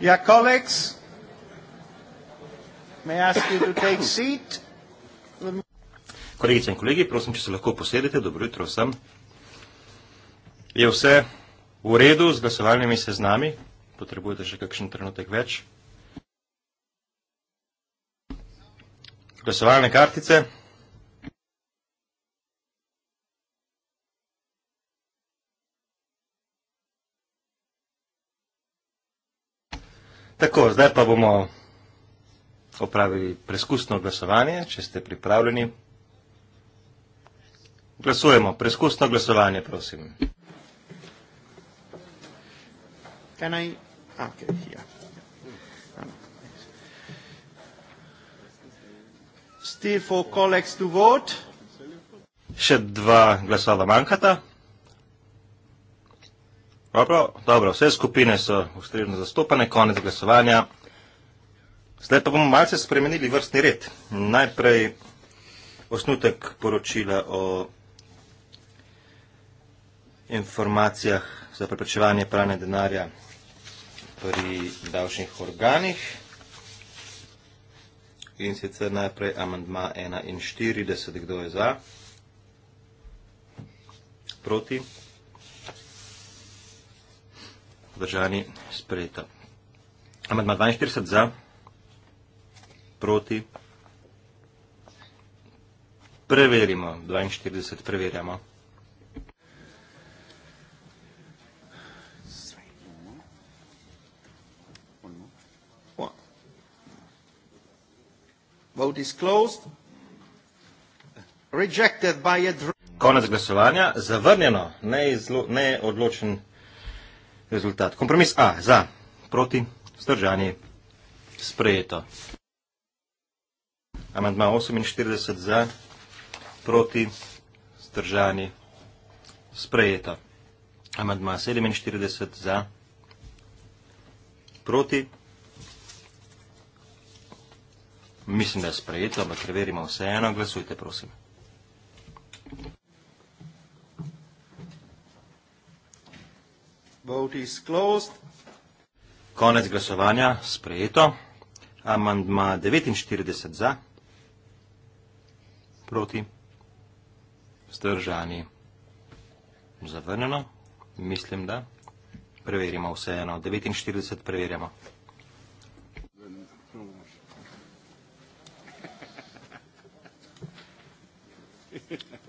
Yeah, colleagues, may I ask you to take seat. Kolegice in kolegi, prosim, če se lahko posedete, dobro jutro vsem. Je vse v redu z glasovalnimi seznami? Potrebujete še kakšen trenutek več? Glasovalne kartice. Tako, zdaj pa bomo opravili preskusno glasovanje, če ste pripravljeni. Glasujemo, preskusno glasovanje, prosim. Can I... Ah, okay, here. Still for colleagues to vote. Še dva glasova manjkata. Prav, prav, dobro, vse skupine so ustrezno zastopane, konec glasovanja. Zdaj pa bomo malce spremenili vrstni red. Najprej osnutek poročila o informacijah za preprečevanje pranja denarja pri davčnih organih. In sicer najprej amandma 41, kdo je za? Proti? vzdržani, sprejeta. Amadma 42 za, proti. Preverimo, 42 preverjamo. Vote is closed. Rejected by a... Konec glasovanja, zavrnjeno, neodločen izlo... ne rezultat. Kompromis A za, proti, vzdržanje, sprejeto. Amandma 48 za, proti, vzdržanje, sprejeto. Amandma 47 za, proti, mislim, da je sprejeto, ampak preverimo vse eno, glasujte prosim. Konec glasovanja sprejeto. Amandma 49 za, proti, vzdržani, zavrnjeno. Mislim, da preverimo vseeno. 49 preverjamo.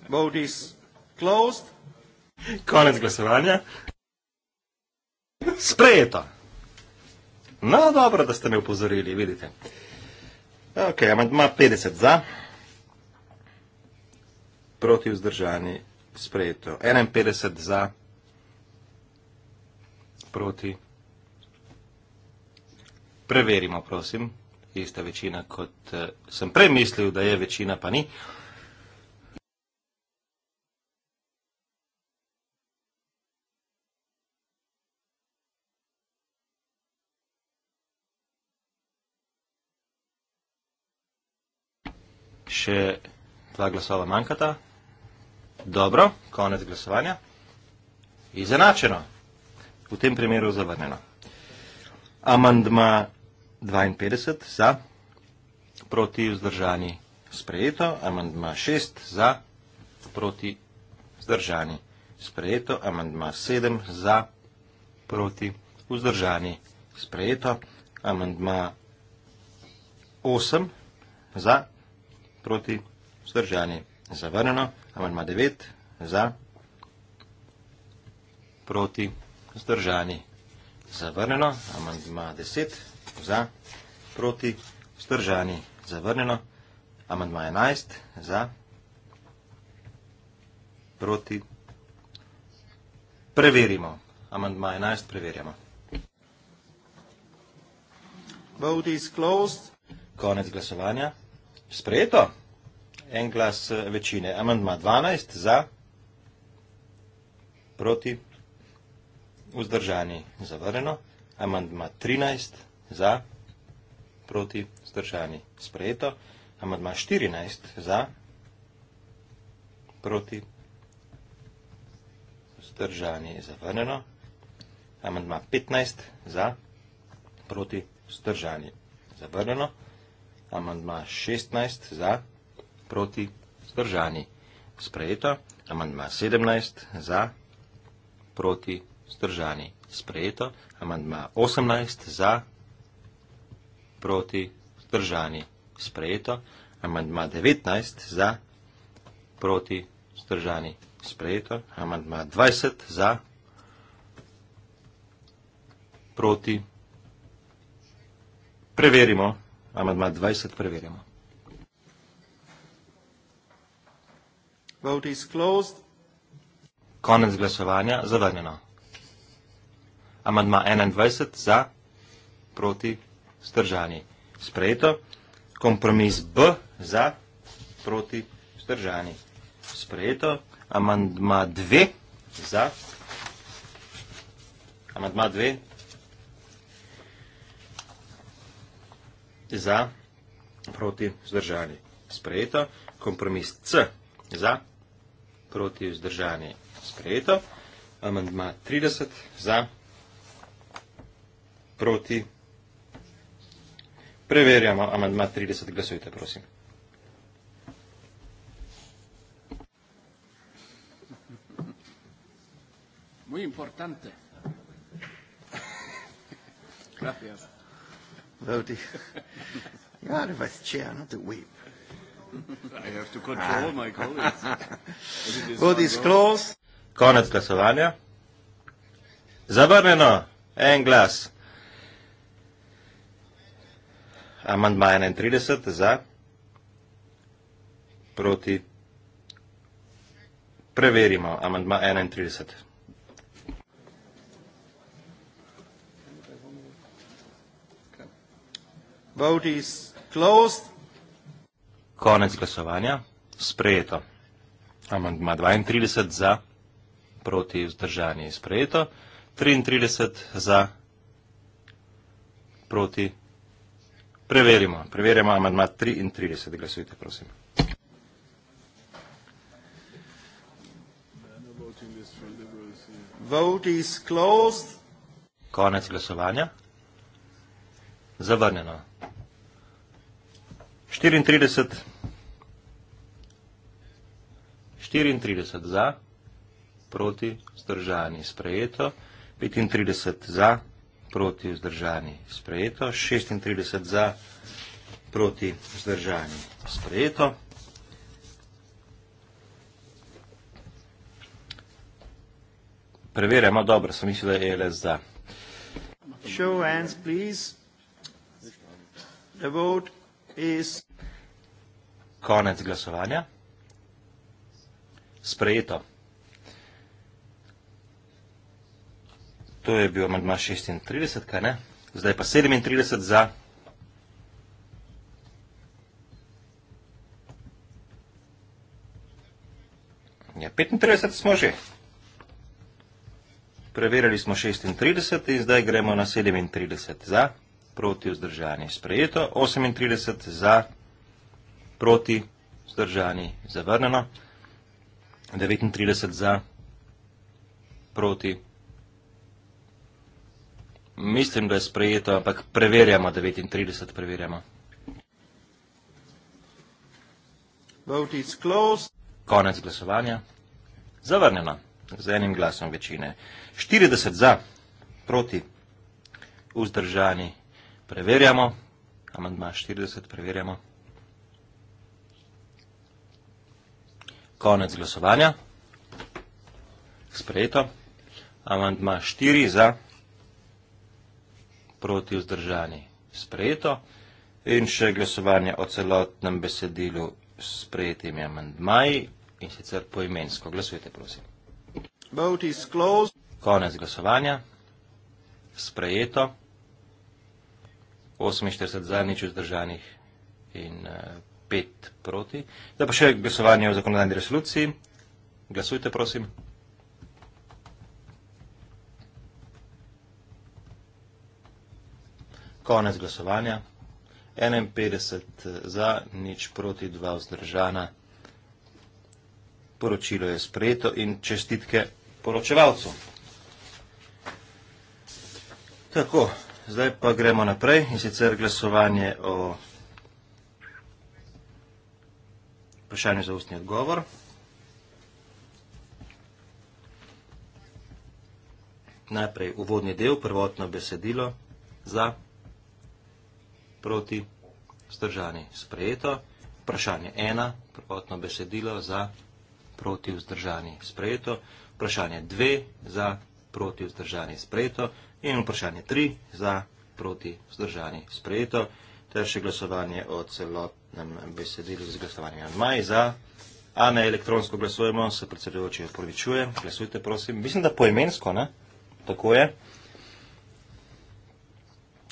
Vote is closed. Konec glasovanja sprejeto. No, dobro, da ste me upozorili, vidite. Ok, amantma 50 za, proti vzdržani sprejeto. 51 za, proti. Preverimo, prosim. Ista večina, kot eh, sem prej mislil, da je večina, pa ni. še dva glasova manjkata. Dobro, konec glasovanja. Izenačeno. V tem primeru zavrnjeno. Amandma 52 za, proti vzdržani sprejeto. Amandma 6 za, proti vzdržani sprejeto. Amandma 7 za, proti vzdržani sprejeto. Amandma 8 za, proti vzdržani. Zavrneno. Amandma 9. Za. Proti vzdržani. Zavrneno. Amandma 10. Za. Proti vzdržani. Zavrneno. Amandma 11. Za. Proti. Preverimo. Amandma 11. Preverjamo. Vote is closed. Konec glasovanja. Sprejeto. En glas eh, večine. Amandma 12 za, proti, vzdržani, zavrneno. Amandma 13 za, proti, vzdržani, sprejeto. Amandma 14 za, proti, vzdržani, zavrneno. Amandma 15 za, proti, vzdržani, zavrneno amandma 16 za, proti, zdržani. Sprejeto, amandma 17 za, proti, zdržani. Sprejeto, amandma 18 za, proti, zdržani. Sprejeto, amandma 19 za, proti, zdržani. Sprejeto, amandma 20 za, proti, preverimo. Amandma 20 preverjamo. Vote is closed. Konec glasovanja, zavrnjeno. Amandma 21 za, proti, stržani. Sprejeto. Kompromis B za, proti, stržani. Sprejeto. Amandma 2 za, amandma 2 za, proti, vzdržani. Sprejeto. Kompromis C za, proti, vzdržani. Sprejeto. Amandma 30 za, proti. Preverjamo amandma 30. Glasujte, prosim. Muy importante. Gracias. Voti. God, if I chair, not to weep. I have to control ah. my colleagues. Voti is close. Konec glasovanja. Zavrneno. En glas. Amandma 31 za. Proti. Preverimo. Amandma 31. Vote is closed. Konec glasovanja. Sprejeto. Amandma 32 za, proti vzdržanje je sprejeto. 33 za, proti. Preverimo. Preverimo amandma 33. Glasujte, prosim. Vote is closed. Konec glasovanja. Zavrneno. 34, 34 za, proti, zdržani, sprejeto, 35 za, proti, zdržani, sprejeto, 36 za, proti, zdržani, sprejeto. Preverjamo, dobro, sem mislil, da je e LS za. Show hands, please. The vote Is. Konec glasovanja. Sprejeto. To je bil amandma 36, kaj ne? Zdaj pa 37 za. Ja, 35 smo že. Preverili smo 36 in zdaj gremo na 37 za proti vzdržani sprejeto, 38 za, proti vzdržani zavrnjeno, 39 za, proti. Mislim, da je sprejeto, ampak preverjamo, 39 preverjamo. Vote is closed. Konec glasovanja. Zavrnjeno. Z enim glasom večine. 40 za, proti, vzdržani Preverjamo. Amandma 40 preverjamo. Konec glasovanja. Sprejeto. Amandma 4 za proti vzdržani. Sprejeto. In še glasovanje o celotnem besedilu s prejetimi amandmaji in sicer poimensko. Glasujte, prosim. Vote is closed. Konec glasovanja. Sprejeto. 48 zadnjič vzdržanih in eh, pet proti. Zdaj pa še glasovanje o zakonodajni resoluciji. Glasujte, prosim. Konec glasovanja. 51 eh, za, nič proti, dva vzdržana. Poročilo je sprejeto in čestitke poročevalcu. Tako. Zdaj pa gremo naprej in sicer glasovanje o vprašanju za ustni odgovor. Najprej uvodni del, prvotno besedilo za, proti, vzdržani, sprejeto. Vprašanje ena, prvotno besedilo za, proti, vzdržani, sprejeto. Vprašanje dve, za, proti, vzdržani, sprejeto. In vprašanje tri, za, proti, vzdržani, sprejeto, ter še glasovanje o celotnem besedilu z glasovanjem na maj, za, a ne elektronsko glasujemo, se predsedujoči opravičuje, glasujte prosim. Mislim, da poimensko, ne? Tako je.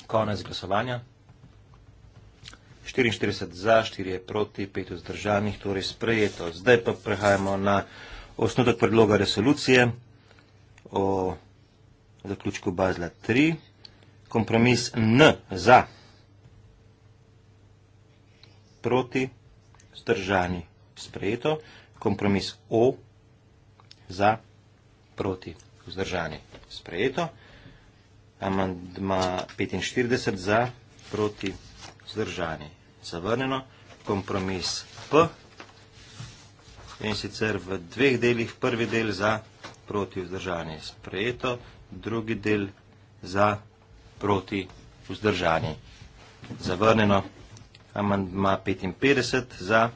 Konec glasovanja. 44 za, 4 je proti, 5 vzdržanih, torej sprejeto. Zdaj pa prehajamo na osnutek predloga resolucije o zaključku Bazla 3, kompromis N za proti zdržani sprejeto, kompromis O za proti zdržani sprejeto, amandma 45 za proti zdržani zavrneno, kompromis P in sicer v dveh delih prvi del za proti vzdržanje sprejeto, drugi del za proti vzdržanje. Zavrneno amandma 55 za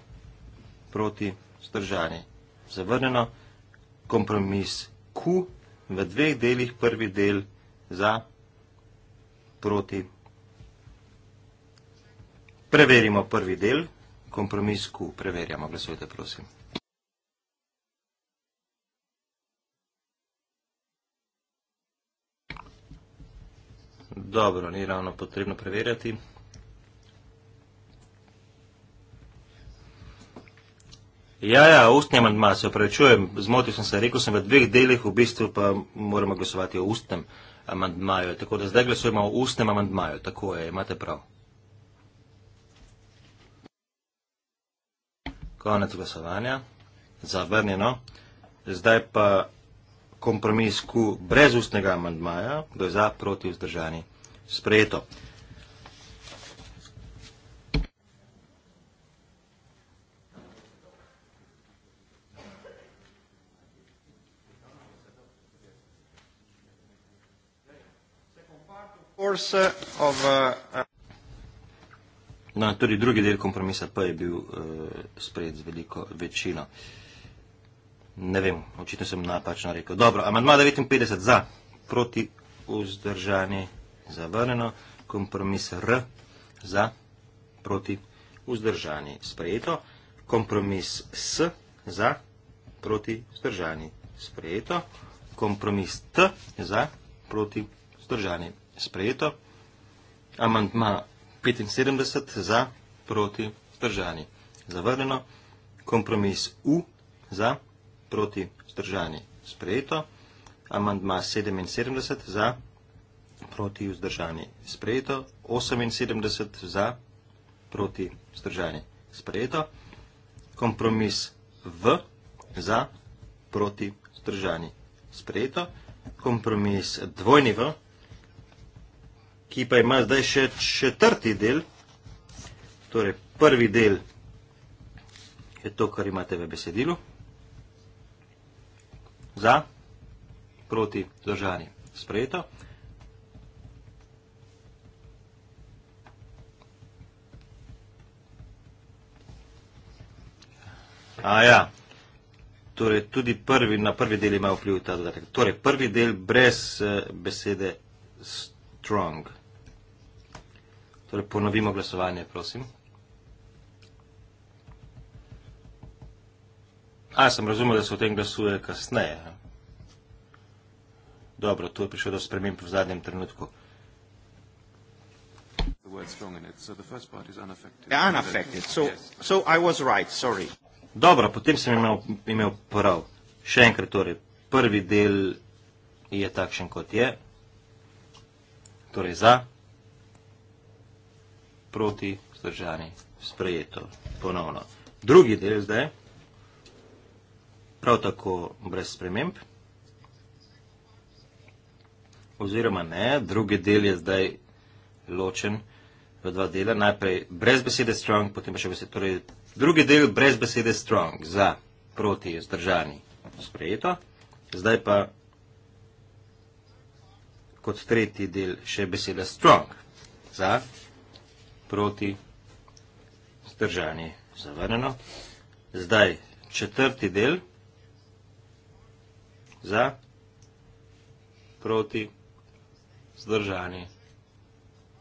proti vzdržanje. Zavrneno kompromis Q v dveh delih prvi del za proti. Preverimo prvi del, kompromis Q. Preverjamo, glasujte prosim. Dobro, ni ravno potrebno preverjati. Ja, ja, ustni amandma, se opravičujem, zmotil sem se, rekel sem v dveh delih, v bistvu pa moramo glasovati o ustnem amandmaju, tako da zdaj glasujemo o ustnem amandmaju, tako je, imate prav. Konec glasovanja, zavrnjeno. Zdaj pa kompromisku brez ustnega amandmaja, kdo je za proti vzdržani sprejeto. Uh, uh, no, tudi drugi del kompromisa pa je bil uh, sprejet z veliko večino. Uh, Ne vem, očitno sem napačno rekel. Dobro, amandma 59 za, proti vzdržani, zavrneno, kompromis R za, proti vzdržani, sprejeto, kompromis S za, proti vzdržani, sprejeto, kompromis T za, proti vzdržani, sprejeto, amandma 75 za, proti vzdržani, zavrneno, kompromis U za, proti vzdržani, sprejeto, proti vzdržani sprejeto. Amandma 77 za, proti vzdržani sprejeto. 78 za, proti vzdržani sprejeto. Kompromis v, za, proti vzdržani sprejeto. Kompromis dvojni v, ki pa ima zdaj še četrti del, torej prvi del je to, kar imate v besedilu. Za? Proti? Zdržani? Sprejeto. A ja, torej tudi prvi, na prvi del ima vpliv ta dodatek. Torej, prvi del brez eh, besede strong. Torej, ponovimo glasovanje, prosim. A, sem razumel, da se o tem glasuje kasneje. Dobro, tu je prišlo do sprememb v zadnjem trenutku. Dobro, potem sem imel, imel prav. Še enkrat, torej, prvi del je takšen, kot je. Torej, za, proti, zdržani, sprejeto, ponovno. Drugi del zdaj prav tako brez sprememb. Oziroma ne, drugi del je zdaj ločen v dva dela. Najprej brez besede strong, potem pa še besede. Torej, drugi del brez besede strong za proti je zdržani sprejeto. Zdaj pa kot tretji del še beseda strong za proti zdržani zavrneno. Zdaj četrti del. Za? Proti? Zdržani?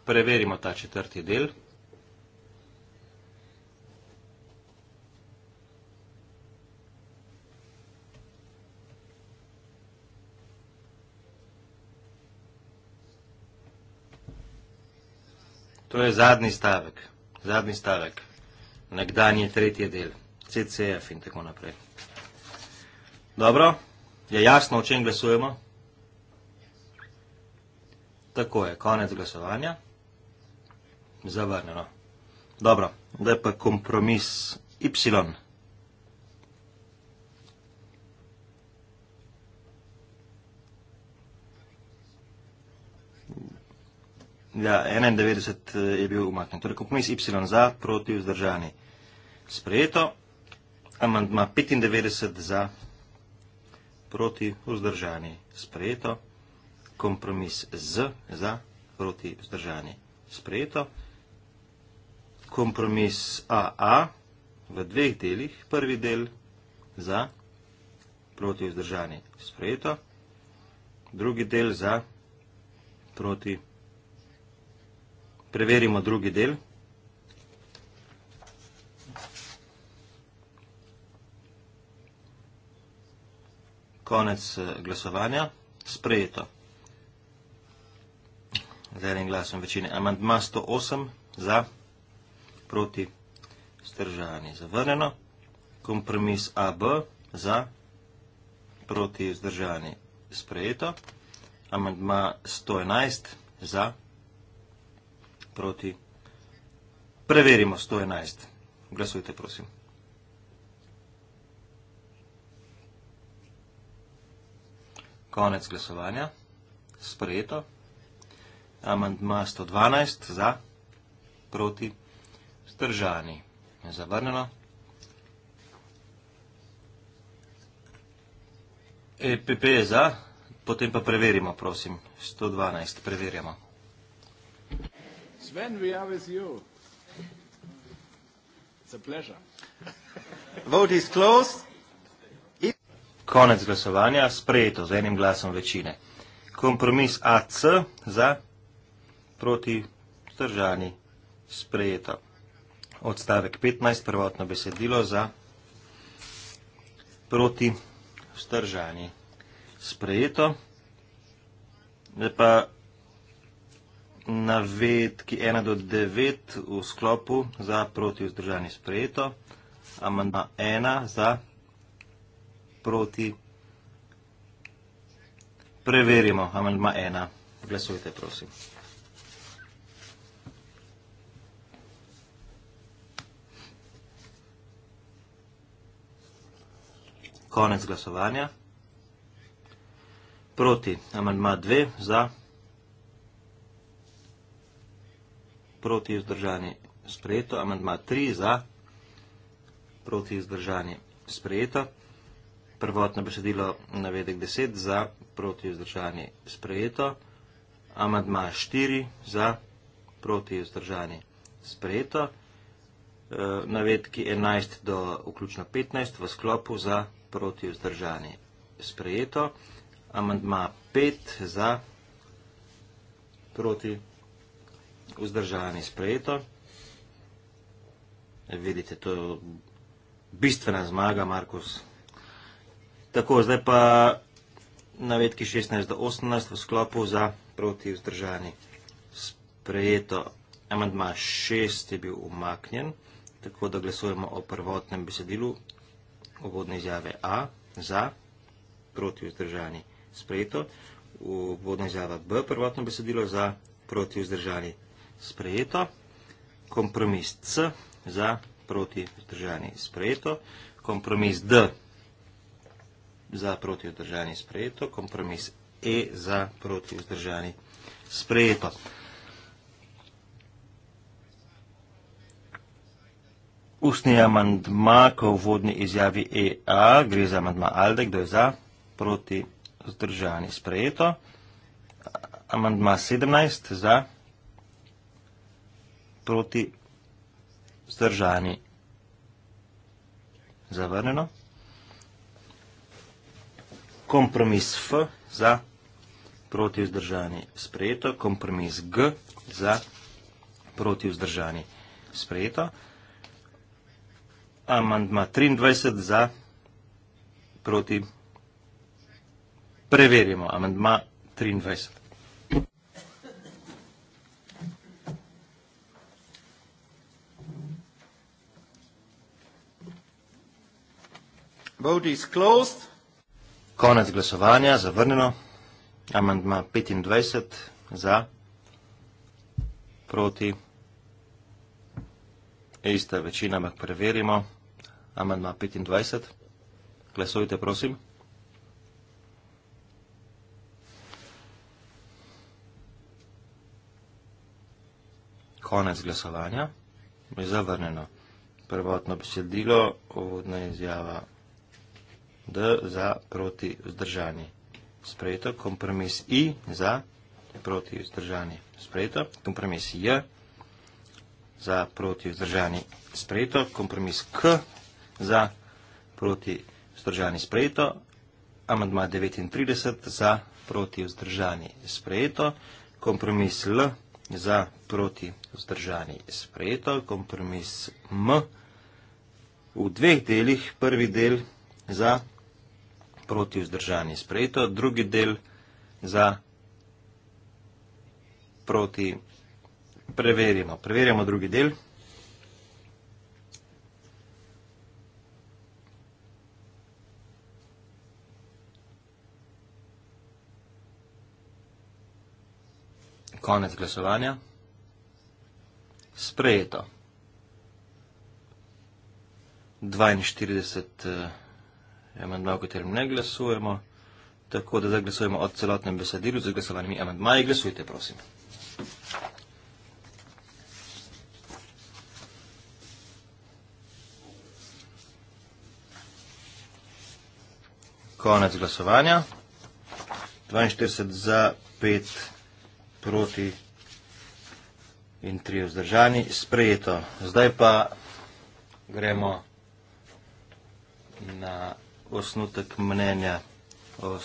Preverimo ta četrti del. To je zadnji stavek. Zadnji stavek. Nekdanji tretji del. CCF in tako naprej. Dobro? Dobro? Je jasno, o čem glasujemo? Tako je, konec glasovanja. Zavrnjeno. Dobro, zdaj pa kompromis Y. Ja, 91 eh, je bil umaknen. Torej, kompromis Y za, proti vzdržani. Sprejeto. Amandma 95 za proti vzdržani sprejeto, kompromis z za proti vzdržani sprejeto, kompromis AA v dveh delih, prvi del za proti vzdržani sprejeto, drugi del za proti, preverimo drugi del, Konec eh, glasovanja. Sprejeto. Z enim glasom večine. Amandma 108 za, proti vzdržani. Zavrneno. Kompromis AB za, proti vzdržani. Sprejeto. Amandma 111 za, proti. Preverimo 111. Glasujte, prosim. Konec glasovanja. Sprejeto. Amandma 112 za, proti, stržani. Zavrneno. EPP je za, potem pa preverimo, prosim. 112, preverjamo. Sven, we are with you. It's a pleasure. Vote is closed konec glasovanja, sprejeto z enim glasom večine. Kompromis AC za proti stržani sprejeto. Odstavek 15, prvotno besedilo za proti stržani sprejeto. Zdaj pa navedki 1 do 9 v sklopu za proti vzdržani sprejeto, amandma 1 za sprejeto proti. Preverimo, amendma ena. Glasujte, prosim. Konec glasovanja. Proti, amendma dve, za. Proti, vzdržani, sprejeto. Amendma tri, za. Proti, vzdržani, sprejeto prvotno besedilo navedek 10 za proti vzdržanje sprejeto, amadma 4 za proti vzdržanje sprejeto, e, navedki 11 do vključno 15 v sklopu za proti vzdržanje sprejeto, amadma 5 za proti vzdržanje sprejeto. Vidite, to je bistvena zmaga, Markus. Tako, zdaj pa navedki 16 do 18 v sklopu za proti vzdržani sprejeto. Amandma 6 je bil umaknjen, tako da glasujemo o prvotnem besedilu obvodne izjave A za proti vzdržani sprejeto, obvodna izjava B prvotno besedilo za proti vzdržani sprejeto, kompromis C za proti vzdržani sprejeto, kompromis D za proti vzdržani sprejeto, za proti vzdržani sprejeto, kompromis E za proti vzdržani sprejeto. Ustni amandma, ko v vodni izjavi EA, gre za amandma ALDE, kdo je za proti vzdržani sprejeto. Amandma 17 za proti vzdržani zavrneno kompromis F za proti vzdržani sprejeto, kompromis G za proti vzdržani sprejeto, amandma 23 za proti preverjamo, amandma 23. Vote is closed. Konec glasovanja, zavrneno. Amandma 25 za, proti. Ista večina, ampak preverimo. Amandma 25. Glasujte, prosim. Konec glasovanja je zavrneno. Prvotno besedilo, uvodna izjava D za proti vzdržanje. Sprejeto. Kompromis I za proti vzdržanje. Sprejeto. Kompromis J za proti vzdržanje. Sprejeto. Kompromis K za proti vzdržanje. Sprejeto. Amandma 39 za proti vzdržanje. Sprejeto. Kompromis L za proti vzdržanje. Sprejeto. Kompromis M v dveh delih. Prvi del za proti vzdržanje proti vzdržani sprejeto, drugi del za proti preverimo. Preverimo drugi del. Konec glasovanja. Sprejeto. 42 amendmaja, o katerem ne glasujemo. Tako da zdaj glasujemo o celotnem besedilu z glasovanimi amendmaji. Glasujte, prosim. Konec glasovanja. 42 za, 5 proti in 3 vzdržani. Sprejeto. Zdaj pa gremo na osnutek mnenja o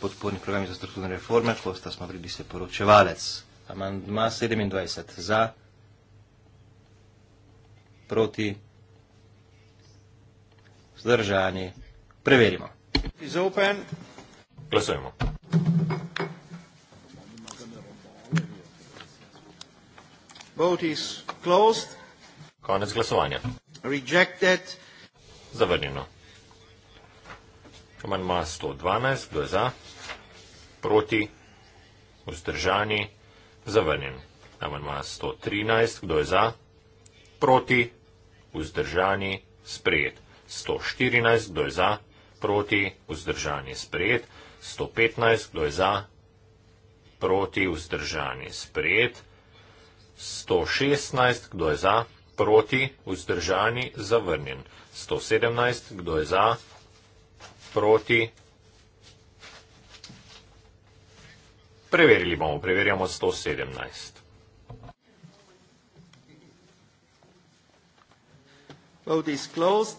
podpornih programih za strukturne reforme, ko sta smo bili se poročevalec. Amandma 27 za, proti, zdržani. Preverimo. Izopen. Glasujemo. Vote is closed. Konec glasovanja. Rejected. Zavrnjeno. Amandma 112, kdo je za, proti, vzdržani, zavrnjen. Amandma 113, kdo je za, proti, vzdržani, sprejet. 114, kdo je za, proti, vzdržani, sprejet. 115, kdo je za, proti, vzdržani, sprejet. 116, kdo je za, proti, vzdržani, zavrnjen. 117, kdo je za, proti, vzdržani, sprejet proti. Preverili bomo, preverjamo 117. Vote is closed.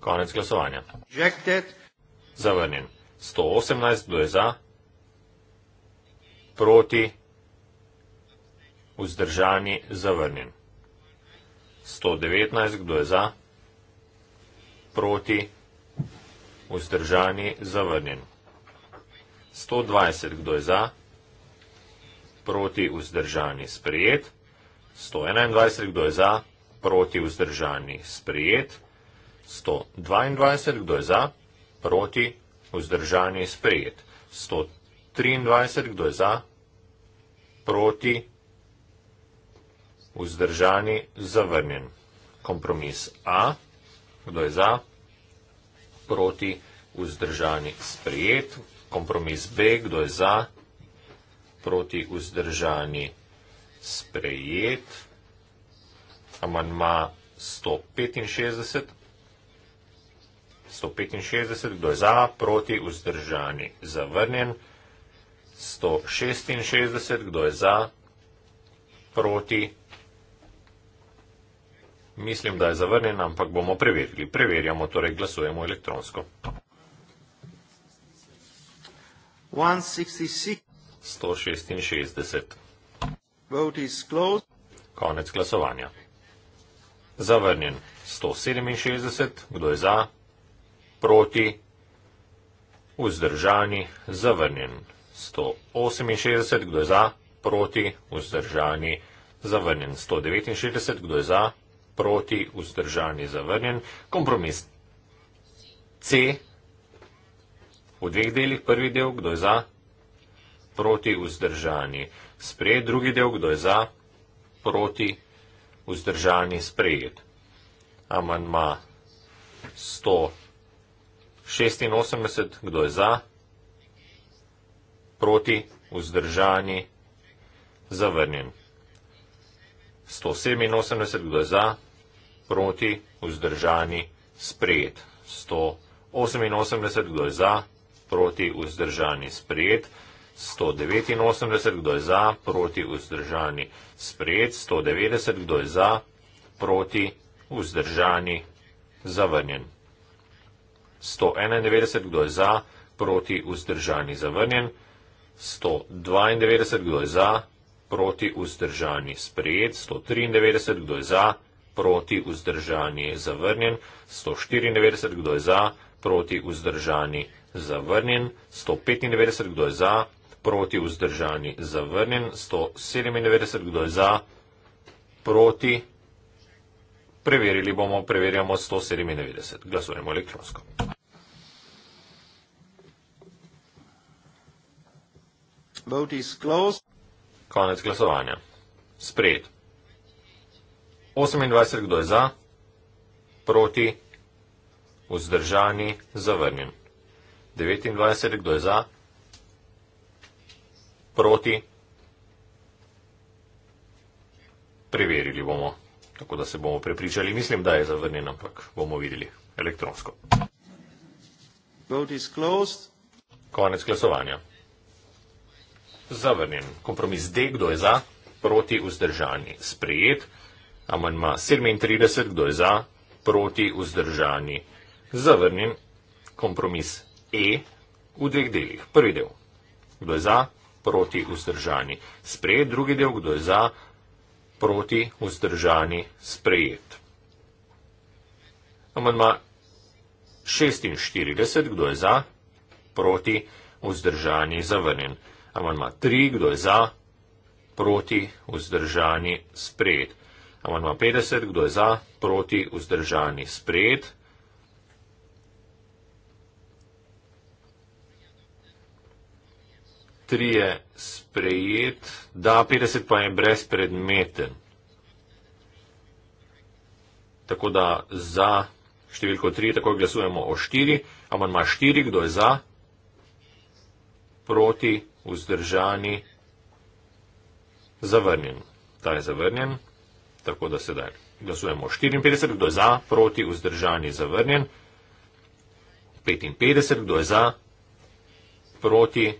Konec glasovanja. Rejected. Zavrnjen. 118, kdo je za? Proti. Vzdržani, zavrnjen. 119, kdo je za? Proti vzdržani, zavrnjen. 120, kdo je za, proti vzdržani, sprijet. 121, kdo je za, proti vzdržani, sprijet. 122, kdo je za, proti vzdržani, sprijet. 123, kdo je za, proti vzdržani, zavrnjen. Kompromis A, kdo je za, proti vzdržani, sprijet proti, vzdržani sprijet. Kompromis B, kdo je za, proti, vzdržani sprijet. Amanma 165. 165, kdo je za, proti, vzdržani, zavrnjen. 166, kdo je za, proti, vzdržani. Mislim, da je zavrnjen, ampak bomo preverili. Preverjamo, torej glasujemo elektronsko. 166. Konec glasovanja. Zavrnjen 167. Kdo je za? Proti? Vzdržani? Zavrnjen 168. Kdo je za? Proti? Vzdržani? Zavrnjen 169. Kdo je za? proti, vzdržani, zavrnjen. Kompromis C v dveh delih, prvi del, kdo je za, proti, vzdržani, sprejet, drugi del, kdo je za, proti, vzdržani, sprejet. Amanma 186, kdo je za, proti, vzdržani, zavrnjen. 187 je bilo za, proti, vzdržani, sprejet. 188 je bilo za, proti, vzdržani, sprejet. 189, kdo je za, proti, vzdržani, sprejet, 190, kdo je za, proti, vzdržani, zavrnjen. 191, kdo je za, proti, vzdržani, zavrnjen. 192, kdo je za, proti vzdržani sprejet, 193, kdo je za, proti vzdržani zavrnjen, 194, kdo je za, proti vzdržani zavrnjen, 195, kdo je za, proti vzdržani zavrnjen, 197, kdo je za, proti, preverili bomo, preverjamo 197, glasujemo elektronsko. Vote is closed. Konec glasovanja. Sprejet. 28, kdo je za? Proti? Vzdržani? Zavrnjen. 29, kdo je za? Proti? Preverili bomo, tako da se bomo prepričali. Mislim, da je zavrnjen, ampak bomo videli elektronsko. Konec glasovanja zavrnjen. Kompromis D, kdo je za, proti vzdržani, sprejet. Amanma 37, kdo je za, proti vzdržani, zavrnjen. Kompromis E v dveh delih. Prvi del, kdo je za, proti vzdržani, sprejet. Drugi del, kdo je za, proti vzdržani, sprejet. Amanma 46, kdo je za, proti vzdržani, zavrnjen. Amandma 3, kdo je za, proti, vzdržani, sprejet. Amandma 50, kdo je za, proti, vzdržani, sprejet. Tri je sprejet, da 50 pa je brezpredmeten. Tako da za številko 3 tako glasujemo o 4. Amandma 4, kdo je za, proti, vzdržani, sprejet vzdržani, zavrnjen. Ta je zavrnjen, tako da sedaj glasujemo 54, kdo je za, proti, vzdržani, zavrnjen. 55, kdo je za, proti.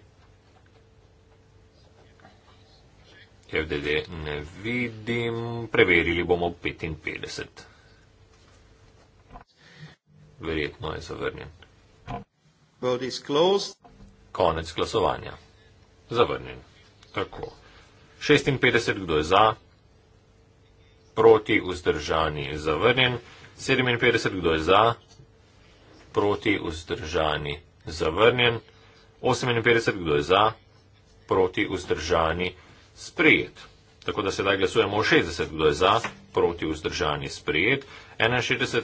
FDD ne vidim, preverili bomo 55. Verjetno je zavrnjen. Konec glasovanja. Zavrnjen. Tako. 56, kdo je za? Proti, vzdržani, zavrnjen. 57, kdo je za? Proti, vzdržani, zavrnjen. 58, kdo je za? Proti, vzdržani, sprejet. Tako da sedaj glasujemo o 60, kdo je za? Proti, vzdržani, sprejet. 61,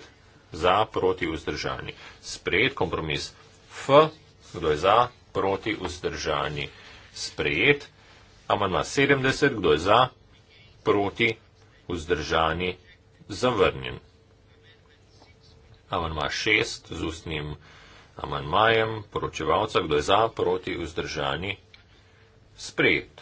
za, proti, vzdržani, sprejet. Kompromis F, kdo je za? Proti, vzdržani, sprejet sprejet, amandma 70, kdo je za, proti, vzdržani, zavrnjen. Amandma 6 z ustnim amandmajem poročevalca, kdo je za, proti, vzdržani, sprejet.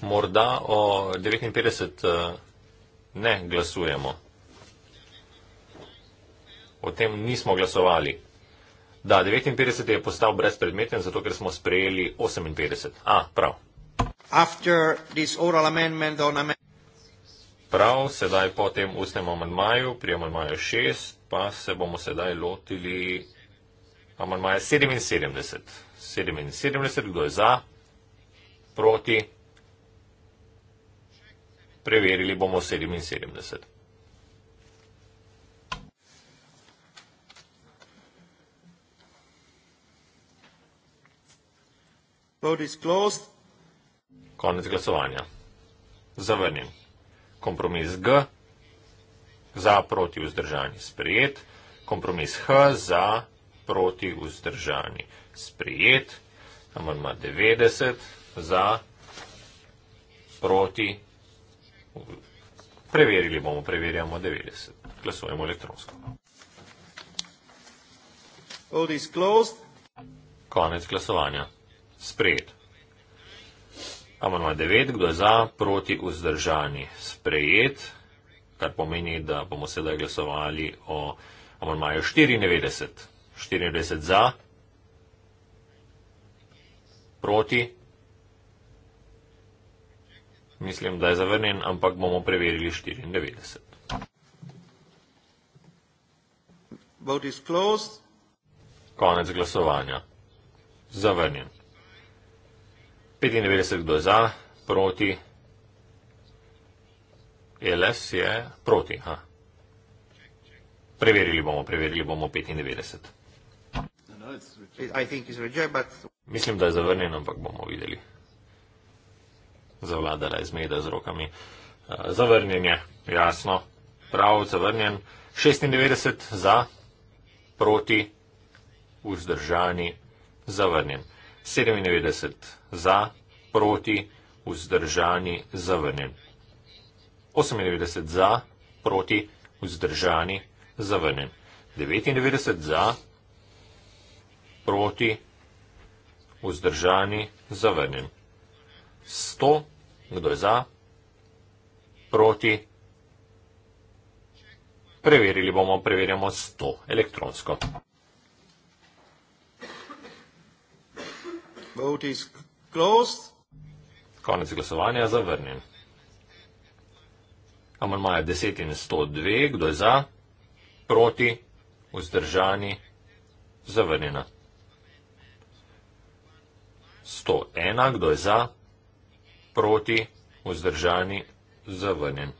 Morda o 59 eh, ne glasujemo. O tem nismo glasovali. Da, 59 je postal brezpredmeten, zato ker smo sprejeli 58. A, prav. Prav, sedaj po tem ustnem amandmaju, pri amandmaju 6, pa se bomo sedaj lotili amandmaja 77. 77, kdo je za, proti, preverili bomo 77. Vote is closed. Konec glasovanja. Zavrnjen. Kompromis G. Za proti vzdržani sprijet. Kompromis H. Za proti vzdržani sprijet. Amandma 90. Za proti. Preverili bomo, preverjamo 90. Glasujemo elektronsko. Vote is closed. Konec glasovanja sprejet. Amandma 9, kdo je za, proti, vzdržani, sprejet, kar pomeni, da bomo sedaj glasovali o amandmaju 94. 94 za, proti. Mislim, da je zavrnjen, ampak bomo preverili 94. Konec glasovanja. Zavrnjen. 95 kdo je za, proti. LS je proti. Ha. Preverili bomo, preverili bomo 95. Mislim, da je zavrnjen, ampak bomo videli. Zavladala je zmeda z rokami. Eh, zavrnjen je, jasno. Prav, zavrnjen. 96 za, proti, vzdržani, zavrnjen. 97 za, proti, vzdržani, zavrnjen. 98 za, proti, vzdržani, zavrnjen. 99 za, proti, vzdržani, zavrnjen. 100, kdo je za, proti, preverili bomo, preverjamo 100 elektronsko. Konec glasovanja je zavrnjen. Amalma je 10 in 102, kdo je za, proti, vzdržani, zavrnjena. 101, kdo je za, proti, vzdržani, zavrnjen.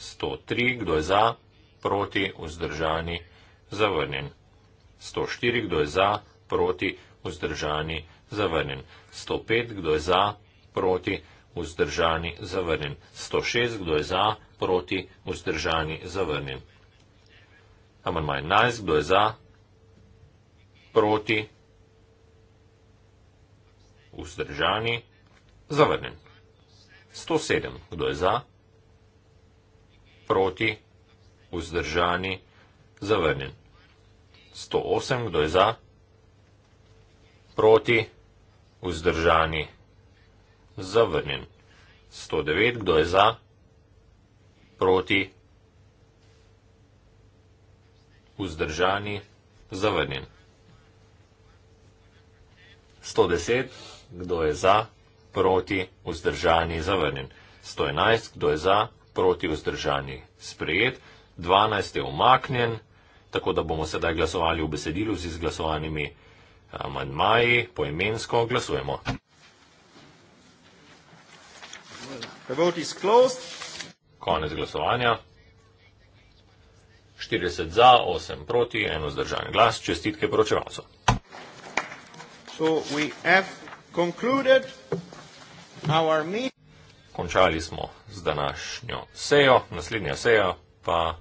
103, kdo je za, proti, vzdržani, zavrnjen. 104, kdo je za, proti, vzdržani, zavrnjen zavrnjen. 105, kdo je za, proti, vzdržani, zavrnjen. 106, kdo je za, proti, vzdržani, zavrnjen. Amandma 11, kdo je za, proti, vzdržani, zavrnjen. 107, kdo je za, proti, vzdržani, zavrnjen. 108, kdo je za, proti, vzdržani, zavrnjen vzdržani. Zavrnjen. 109. Kdo je za? Proti? Vzdržani. Zavrnjen. 110. Kdo je za? Proti? Vzdržani. Zavrnjen. 111. Kdo je za? Proti? Vzdržani. Sprejet. 12. Je umaknjen, tako da bomo sedaj glasovali v besedilu z izglasovanimi amandmaji, poimensko glasujemo. Konec glasovanja. 40 za, 8 proti, 1 zdržan glas. Čestitke poročevalcu. Končali smo z današnjo sejo, naslednja seja pa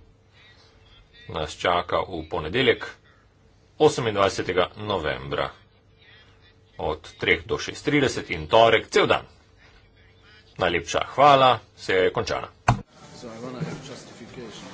nas čaka v ponedeljek. 28. novembra od 3 do 6.30 in torek cel dan. Najlepša hvala, se je končana.